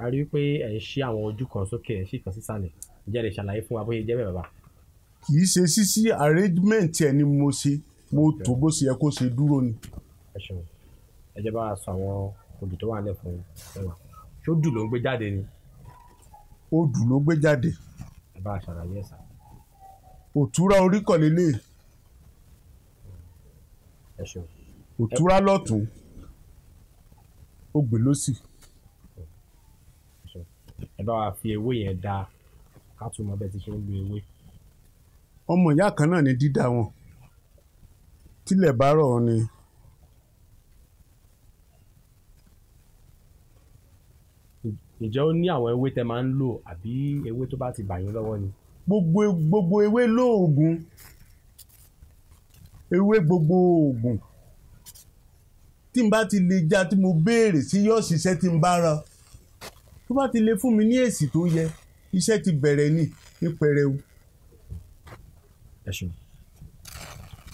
a rí i pé ẹ̀ ń ṣí àwọn ojú kan sókè ẹ̀ ń ṣí kan sísàlẹ̀ ǹjẹ́ lè ṣàlàyé fún wa bóyá jẹ́ bẹ́ẹ̀ bàbá. kì í ṣe sísí arrangement ẹ ni mo ṣe mo tò bó ṣe yẹ kó ṣe dúró ni. ẹ ṣeun ẹ jẹ́ bá a sọ àwọn odù tó wà lẹ̀ fún wa ṣó dù ló ń gbé jáde ni. odù ló gbé jáde. ẹ bá a ṣàlàyé ẹ̀ sá. òtúrá orí kọ̀lélẹ̀. ẹ ṣeun. òtúrá lọ́tún ó gbé lọ́sì bá wa fi ewé yẹn dá ká tún mọ bẹ́ẹ̀ ti ṣe ń lo ewé. ọmọ ìyá kan náà ni dídá wọn tílẹ̀ bá rọ̀ ni. ǹjẹ́ ó ní àwọn ewé tẹ máa ń lò àbí ewé tó bá ti bà yín lọ́wọ́ ni. gbogbo e, gbogbo ewé lóògùn ewé gbogbo oògùn tí n bá ti lè já tí mo béèrè sí yóò ṣiṣẹ́ tí n bá rọ tó bá ti lè fún mi ní èsì tó yẹ iṣẹ́ ti bẹ̀rẹ̀ ní ní pẹrẹu. ẹ ṣeun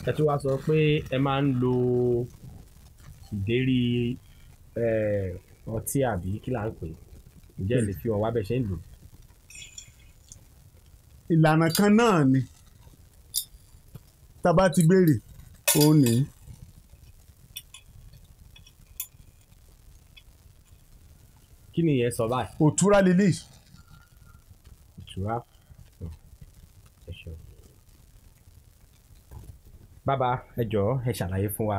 ẹ tún wá sọ pé ẹ máa ń lo ìdérí ọtí àbí kí là ń pè ǹjẹ́ lè fi ọ̀wá bẹ́ẹ̀ ṣe ń lò. ìlànà kan náà ni tá a bá ti béèrè òun nìyí. kí ni ìyẹn sọ báyìí. òtúrá lélẹ̀. òtúrá ẹ ṣeun. bàbá ẹ jọ̀ọ́ ẹ ṣàlàyé fún wa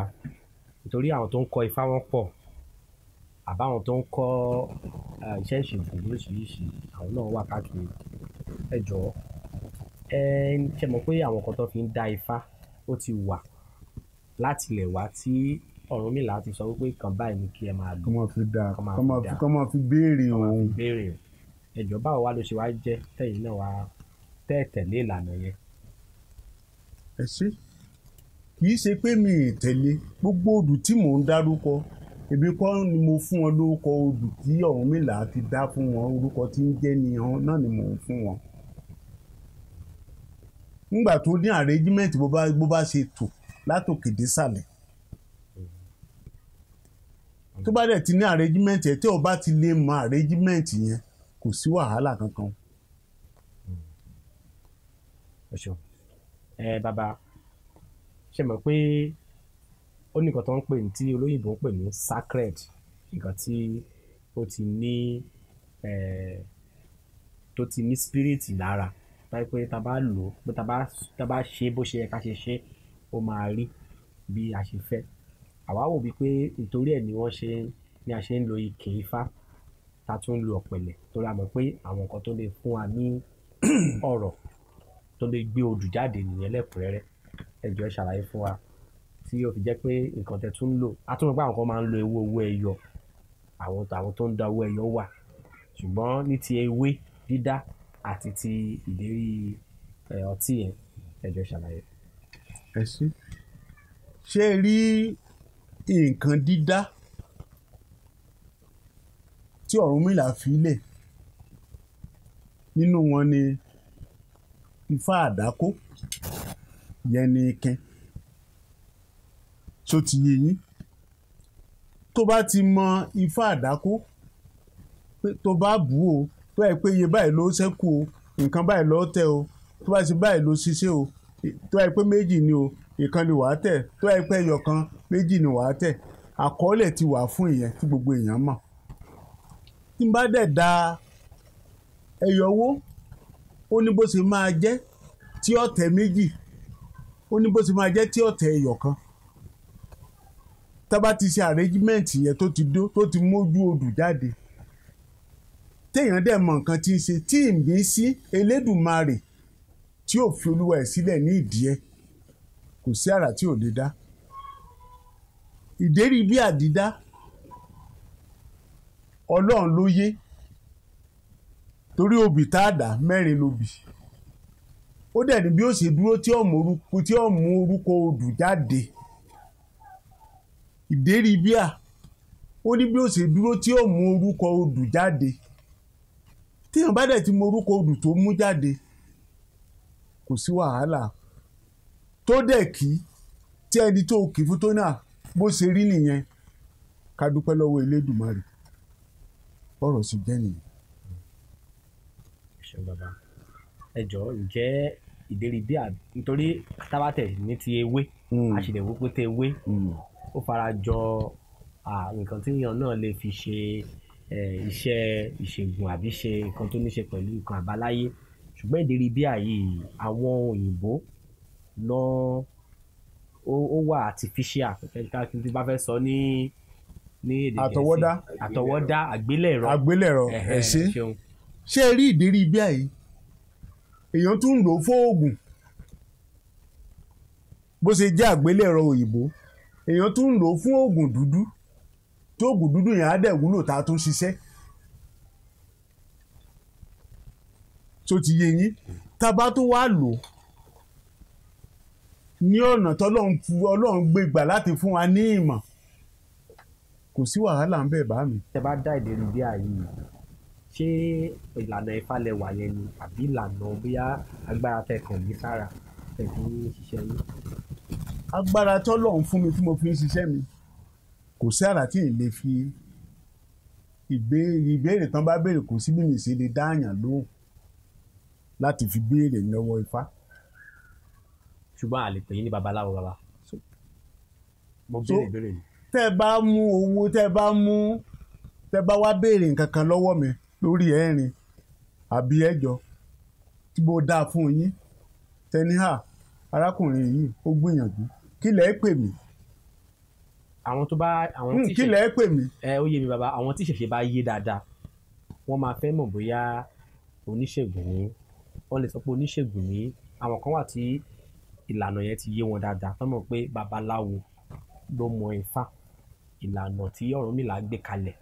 nítorí àwọn tó ń kọ ifá wọn pọ̀ àbáwọn tó ń kọ iṣẹ́ ìṣègùn lóríṣiríṣi àwọn náà wà káàkiri ẹ jọ̀ọ́ ẹ ṣe mọ̀ pé àwọn kan tó fi ń dá ifá ó ti wà látilẹ̀ wá tí Ọ̀rúnmìlà ti sọ wípé kàn báyìí ni kí ẹ máa lò. kọ́mọ fi dáa kọ́mọ fi béèrè òun. béèrè ẹjọ́ báwo wá ló ṣe wá jẹ́ tẹ̀yìn náà wá tẹ́ tẹ̀lé ìlànà yẹn. ẹ ṣe kì í ṣe pé mi ì tẹ̀lé gbogbo odù tí mò ń dárúkọ èmi kọ́ ni mo fún wọn lórúkọ odù tí Ọ̀rúnmìlà ti dá fún wọn orúkọ tí ń jẹ́ ni hàn náà ni mò ń fún wọn. nígbà tó ní àrẹ́jímẹ́ǹtì bó bá ṣe tò látòkè désàlẹ̀ tó bá dẹ̀ ti ní arrangement ẹ̀ tí o bá ti lè mọ arrangement yẹn kò sí wàhálà kankan. ẹ ṣeun ẹ bàbá ṣe mọ̀ pé ó ní nǹkan tó ń pè ní tí olóyìnbó ń pè ní sacred nǹkan tí ó ti ní tó ti ní spirit lára báyìí pé tá a bá lò ó pé tá a bá ṣe bó ṣe yẹ ká ṣe ṣe ó máa rí bí a ṣe fẹ́ àwa wò wípé nítorí ẹ̀ ni wọ́n ṣe ni a ṣe ń lo ike ifá ta tún ń lo ọ̀pẹ̀lẹ̀ torí a mọ̀ pé àwọn nǹkan tó lè fún wa ní ọ̀rọ̀ tó lè gbé odù jáde nìyẹn lẹ́kùnrẹ́rẹ́ ẹ jọ̀ọ́ ṣàlàyé fún wa tí yóò fi jẹ́ pé nǹkan tẹ́ tún ń lò a tún mọ̀ pé àwọn kan máa ń lo ewé owó ẹyọ àwọn tó ń da owó ẹyọ wà ṣùgbọ́n ní ti ewé dídá àti ti ìdérí ọtí yẹn ẹ ṣàlàyé. ẹ sí ṣé rí nǹkan dídá tí Ọ̀rúnmìlà filẹ̀ nínú wọn ni Ifá àdákó yẹn ni ikin tó ti yé yín tó bá ti mọ Ifá àdákó tó bá bù ó tó yẹ pé iye báyìí ló ṣẹ́kù o nǹkan báyìí ló tẹ o tó bá ti báyìí ló ṣiṣẹ́ o tó yẹ pé méjì ni o ìkànnì wàá tẹ̀ tó ẹ pẹ́ yọ kan méjì ni wàá tẹ̀ àkọọ́lẹ̀ ti wà fún ìyẹn tí gbogbo èèyàn mọ̀ tí n bá dẹ̀ da ẹ̀yọ̀wó ó ní bó ṣe máa jẹ́ tí ọ̀tẹ̀ méjì ó ní bó ṣe máa jẹ́ tí ọ̀tẹ̀ ẹ̀yọ̀ kan tábà ti ṣe àrẹ́gímẹ́ǹtì yẹn tó ti dó tó ti mójú odù jáde téèyàn dẹ̀ mọ̀ nǹkan tí ń ṣe tí ìmí sí Elédùmarè tí ò fi olúwa ẹ̀ sílẹ̀ ní ìdí ẹ̀ kò sí àrà tí ò lè dá ìdérí bí àdídá ọlọ́run ló yé torí obì tá a dá mẹ́rin lobì ó dẹ̀ ní bí ó ṣe dúró tí ó mú orúkọ tí ó mú orúkọ odù jáde ìdérí bíà ó ní bí ó ṣe dúró tí ó orúkọ odù jáde téèyàn bá dẹ̀ ti mú orúkọ odù tó mú jáde kò sí wàhálà tó dẹ̀ kí tí ẹni tó kì fún tó náà bó ṣe rí nìyẹn ká dúpẹ́ lọ́wọ́ Elédùmarè ọ̀rọ̀ sì jẹ́ nìyẹn. ṣé bàbá ẹ jọ̀ọ́ ǹjẹ́ ìdérí bí nítorí tábàtẹ̀ ní ti ewé hmm. a sì lè wó pé tẹ ewé hmm. ó fara jọ nǹkan tí èèyàn náà lè fi ṣe iṣẹ́ ìṣègùn àbí ṣe nǹkan tó ní ṣe pẹ̀lú nǹkan àbáláyé ṣùgbọ́n ìdérí bí àyè àwọn òyìnbó lọ ó wà artificial tí bá fẹ́ sọ ní ní èdè gẹ̀ẹ́sì àtọwọ́dá àtọwọ́dá àgbélẹ̀rọ àgbélẹ̀rọ ẹ ṣé ṣé ẹ rí ìdérí ibi àyè èèyàn tún ń lò ó fóògùn bó ṣe jẹ́ àgbélẹ̀rọ òyìnbó èèyàn tún ń lò ó fún oògùn dúdú tó oògùn dúdú yẹn á dẹ̀ wúlò tá a tún ṣiṣẹ́ tó ti yé yín tá a bá tún wá lò ó ní ọ̀nà tọ́lọ́run fún ọlọ́run gbé gbà láti fún wa ní ìmọ̀ kò sí wàhálà ń bẹ̀ bá mi. tẹ bá dá èdè rí bí ààyè ṣé ìlànà ìfàlẹ̀ wà yẹn ni àbí ìlànà bóyá agbára tẹ kàn mí sára tẹ fi ń ṣiṣẹ́ yín. agbára tọ́lọ́run fún mi tí mo fi ń ṣiṣẹ́ mi kò sí àrà tí ì lè fi ìbéèrè tán bá béèrè kò sí bí mi sì lè dáàyàn lóhùn láti fi béèrè lọ́wọ́ ifá ṣùgbọ́n àlè pè é ní babaláwo baba mo béèrè béèrè ni. tẹ́ ẹ bá mú owó tẹ́ ẹ bá mú tẹ́ ẹ bá wá béèrè nǹkan kan lọ́wọ́ mi lórí ẹ̀rin àbí ẹ̀jọ tí mo dáa fún yín tẹníhà arákùnrin yìí ó gbìyànjú kí lẹ pè mí. àwọn tó bá àwọn hmm, tí ṣe kí lẹ pè mí. ẹ ó yé mi bàbá àwọn tí ṣẹ̀ṣẹ̀ bá yé dáadáa wọ́n máa fẹ́ mọ̀ bóyá oníṣègùn ni wọ́n lè sọ pé oníṣègùn ni àwọn kan wà tí ìlànà yẹn ti yé wọn dáadáa tán mọ̀ pé babaláwo ló mọ ifá ìlànà tí Ọ̀rúnmìlà gbé kalẹ̀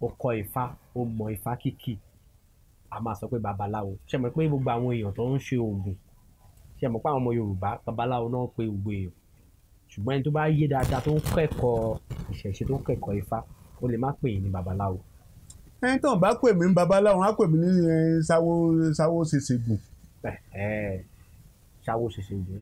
ó kọ́ ifá ó mọ ifá kìkì a máa sọ pé babaláwo ṣe mọ̀ pé gbogbo àwọn èèyàn tó ń ṣe oògùn ṣe mọ̀ pé àwọn ọmọ Yorùbá babaláwo náà pé gbogbo èèyàn ṣùgbọ́n ẹni tó bá yé dáadáa tó ń kẹ́kọ̀ọ́ ìṣẹ̀ṣe tó ń kẹ́kọ̀ọ́ ifá ó lè má pè yín ní babaláwo. ẹni tó ń bá pè mí ní babaláwo á pè mí ní sáwó eh, sáwó ṣèṣègùn. ṣàwó ṣèṣègùn